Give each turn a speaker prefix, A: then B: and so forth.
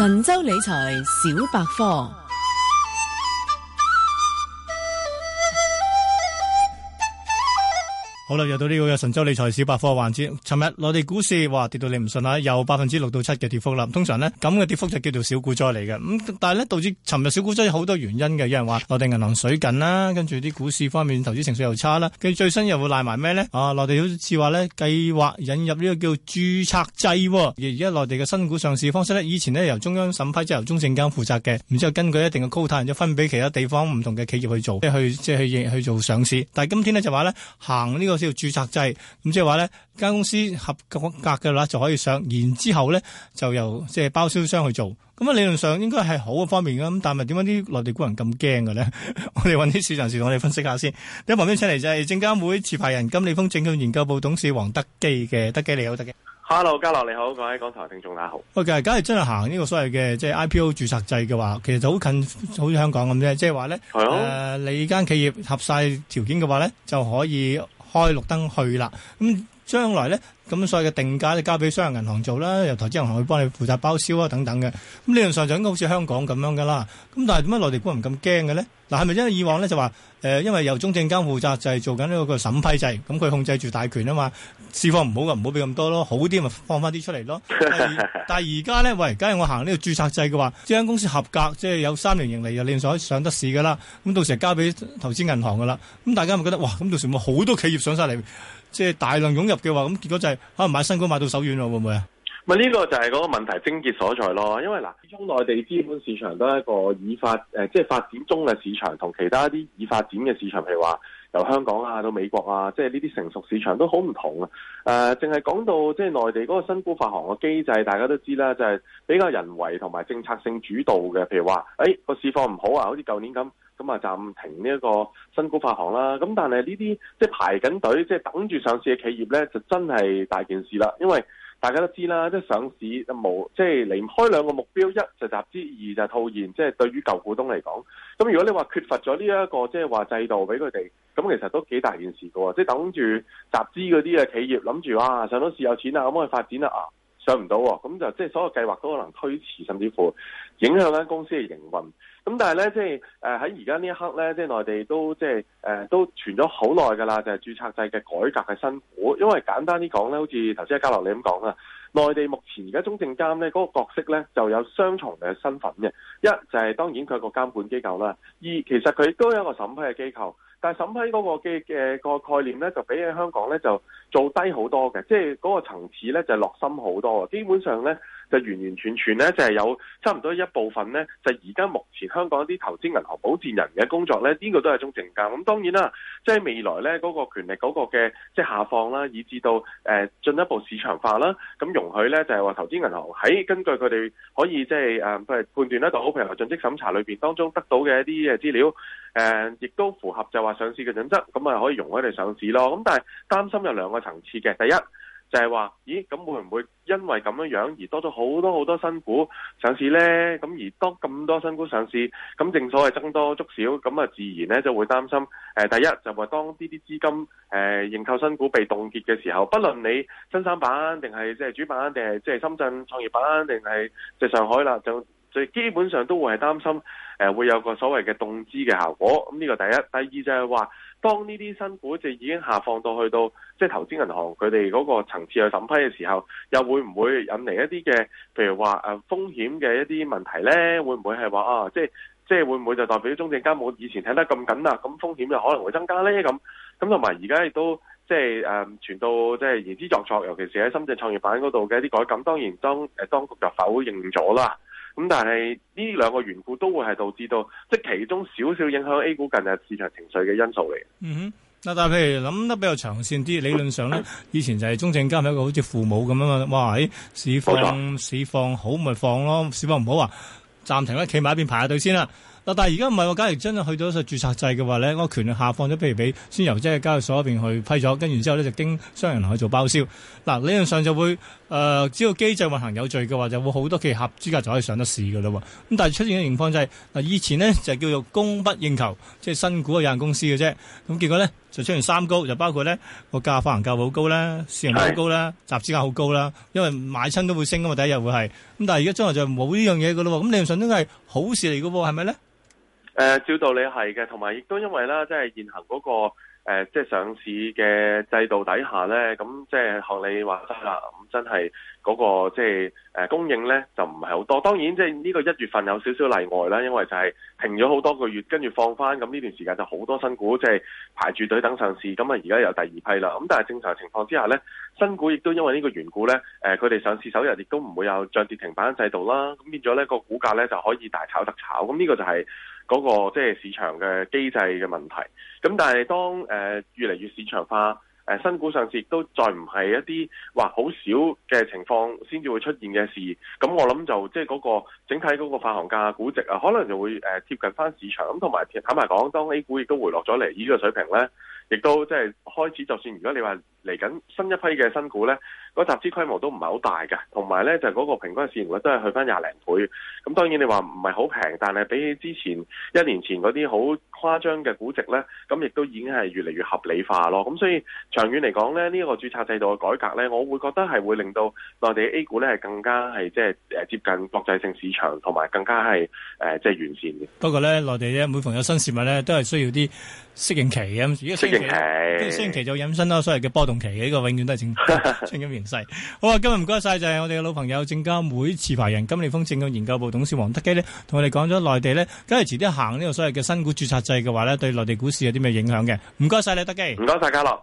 A: 神州理財小百科。
B: 好啦，又到呢、這個神州理財小百科環節。尋日內地股市哇，跌到你唔信啊，有百分之六到七嘅跌幅啦。通常呢，咁嘅跌幅就叫做小股災嚟嘅。咁、嗯、但係呢，導致尋日小股災有好多原因嘅。有人話內地銀行水緊啦，跟住啲股市方面投資情緒又差啦。跟住最新又會賴埋咩呢？啊，內地好似話咧計劃引入呢個叫註冊制，哦。而而家內地嘅新股上市方式呢，以前呢由中央審批，即係由中證監負責嘅，然之後根據一定嘅 quota，然之後分俾其他地方唔同嘅企業去做，即係去即係去去做上市。但係今天呢，就話咧行呢、這個。即係註冊制，咁即係話咧，間公司合格嘅話就可以上，然之後咧就由即係包銷商去做。咁啊，理論上應該係好嘅方面嘅，咁但係點解啲內地股民咁驚嘅咧？我哋揾啲市場人士同我哋分析下先。喺旁邊請嚟就係證監會持牌人金利豐證券研究部董事黃德基嘅，德基你好，德基。Hello，
A: 嘉樂你好，各位港台聽眾大家
B: 好。喂，咁如果係真係行呢個所謂嘅即係 IPO 註冊制嘅話，其實就好近，好似香港咁啫。即係話咧，誒，你間企業合晒條件嘅話咧，就可以開綠燈去啦，咁將來呢。咁所以嘅定價就交俾商業銀行做啦，由投資銀行去幫你負責包銷啊，等等嘅。咁理論上就應該好似香港咁樣噶啦。咁但係點解內地股民咁驚嘅呢？嗱，係咪因為以往呢就話誒，因為由中證監負責制做緊呢個個審批制，咁佢控制住大權啊嘛，市況唔好嘅唔好俾咁多咯，好啲咪放翻啲出嚟咯。 但係而家呢，喂，梗係我行呢個註冊制嘅話，呢間公司合格，即係有三年盈利又理論上可以上得市嘅啦。咁到時交俾投資銀行嘅啦。咁大家咪覺得哇，咁到時咪好多企業上晒嚟，即係大量湧入嘅話，咁結果就係。可能買新股買到手軟喎，會唔會啊？
A: 咪呢個就係嗰個問題症結所在咯，因為嗱，始終內地資本市場都係一個已發誒、呃，即係發展中嘅市場，同其他一啲已發展嘅市場，譬如話。由香港啊到美國啊，即係呢啲成熟市場都好唔同啊！誒、呃，淨係講到即係內地嗰個新股發行嘅機制，大家都知啦，就係、是、比較人為同埋政策性主導嘅。譬如話，誒、哎、個市況唔好啊，好似舊年咁，咁啊暫停呢一個新股發行啦。咁但係呢啲即係排緊隊，即、就、係、是、等住上市嘅企業咧，就真係大件事啦，因為。大家都知啦，即係上市冇即係離唔開兩個目標，一就集資，二就套現。即係對於舊股東嚟講，咁如果你話缺乏咗呢一個即係話制度俾佢哋，咁其實都幾大件事噶喎。即係等住集資嗰啲嘅企業諗住啊，上到市有錢啊咁去發展啦啊！唔到咁就即係、就是、所有計劃都可能推遲，甚至乎影響咧公司嘅營運。咁但係咧，即係誒喺而家呢一刻咧，即、就、係、是、內地都即係誒都傳咗好耐㗎啦，就係、是、註冊制嘅改革嘅新股，因為簡單啲講咧，好似頭先阿嘉樂你咁講啦，內地目前而家中證監咧嗰、那個角色咧就有雙重嘅身份嘅，一就係、是、當然佢係個監管機構啦，二其實佢都有一個審批嘅機構。但係審批嗰個嘅嘅個概念咧，就比起香港咧就做低好多嘅，即係嗰個層次咧就落深好多喎，基本上咧。就完完全全咧，就係、是、有差唔多一部分咧，就而、是、家目前香港一啲投資銀行保薦人嘅工作咧，呢、這個都係一種競爭。咁當然啦，即、就、係、是、未來咧嗰、那個權力嗰個嘅即係下放啦，以至到誒、呃、進一步市場化啦，咁容許咧就係、是、話投資銀行喺根據佢哋可以即係誒判判斷咧，就好譬如盡職審查裏面當中得到嘅一啲嘅資料，誒、呃、亦都符合就話上市嘅準則，咁啊可以容許佢哋上市咯。咁但係擔心有兩個層次嘅，第一。就係、是、話，咦，咁會唔會因為咁樣而多咗好多好多新股上市呢？咁而多咁多新股上市，咁正所謂增多足少，咁啊自然呢就會擔心、呃。第一就話、是、當呢啲資金誒認購新股被凍結嘅時候，不論你新三板定係即係主板定係即係深圳創業板定係即係上海啦，就。所以基本上都會係擔心，誒、呃、會有個所謂嘅凍資嘅效果。咁呢個第一，第二就係話，當呢啲新股就已經下放到去到，即、就、係、是、投資銀行佢哋嗰個層次去審批嘅時候，又會唔會引嚟一啲嘅，譬如話誒、啊、風險嘅一啲問題呢？會唔會係話啊？即係即係會唔會就代表中證監冇以前睇得咁緊啦？咁風險又可能會增加呢？咁咁同埋而家亦都即係誒、呃、傳到即係言之鑿鑿，尤其是喺深圳創業板嗰度嘅一啲改，咁當然當誒當局就否認咗啦。咁但係呢兩個緣故都會係導致到，即係其中少少影響 A 股近日市場情緒嘅因素嚟。嗯哼，
B: 嗱，但係譬如諗得比較長線啲，理論上咧、嗯，以前就係中證監係一個好似父母咁樣嘛，哇喺市況市況好咪放咯，市況唔好啊，暫停啦，企埋一邊排下隊先啦。嗱，但係而家唔係喎，假如真係去到一隻註冊制嘅話呢，我權力下放咗，譬如俾先由即係交易所嗰邊去批咗，跟住之後呢就經商人去做包銷。嗱，理論上就會誒、呃，只要機制運行有序嘅話，就會好多企業合資格就可以上得市㗎喇。咁但係出現嘅情況就係，嗱，以前呢就叫做供不應求，即係新股嘅有限公司嘅啫。咁結果呢？就出現三高，就包括咧個價，發行價好高啦，市盈率好高啦，集資價好高啦。因為買親都會升噶嘛，第一日會係咁。但係而家將來就冇呢樣嘢噶咯喎。咁兩樣都係好事嚟噶喎，係咪
A: 咧？誒，照道理係嘅，同埋亦都因為啦，即係現行嗰個。誒、呃，即、就、係、是、上市嘅制度底下呢，咁即係學你話齋啦。咁真係嗰個即、就、係、是呃、供應呢，就唔係好多。當然，即係呢個一月份有少少例外啦，因為就係停咗好多個月，跟住放翻，咁呢段時間就好多新股即係、就是、排住隊等上市。咁啊，而家有第二批啦。咁但係正常情況之下呢，新股亦都因為呢個緣故呢，佢、呃、哋上市首日亦都唔會有漲跌停板制度啦。咁變咗呢、那個股價呢，就可以大炒特炒。咁呢個就係、是。嗰、那個即係市場嘅機制嘅問題，咁但係當誒、呃、越嚟越市場化，誒、呃、新股上市亦都再唔係一啲話好少嘅情況先至會出現嘅事，咁我諗就即係嗰個整體嗰個發行價、估值啊，可能就會誒、呃、貼近翻市場。咁同埋坦白講，當 A 股亦都回落咗嚟呢個水平咧，亦都即係開始，就算如果你話，嚟緊新一批嘅新股咧，嗰集資規模都唔係好大嘅，同埋咧就嗰、是、個平均市盈率都係去翻廿零倍。咁當然你話唔係好平，但係比起之前一年前嗰啲好誇張嘅估值咧，咁亦都已經係越嚟越合理化咯。咁所以長遠嚟講咧，呢、這、一個註冊制度嘅改革咧，我會覺得係會令到內地 A 股咧係更加係即係誒接近國際性市場，同埋更加係誒即係完善嘅。
B: 不過咧，內地咧每逢有新事物咧，都係需要啲適應期嘅。適應期。適應期就引申啦，所謂嘅波動期嘅呢個永遠都係正 正金研勢。好啊，今日唔該晒，就係我哋嘅老朋友證監會持牌人金利豐證券研究部董事黃德基呢，同我哋講咗內地呢，假如遲啲行呢個所謂嘅新股註冊制嘅話呢，對內地股市有啲咩影響嘅？唔該晒你，德基。唔該晒，家樂。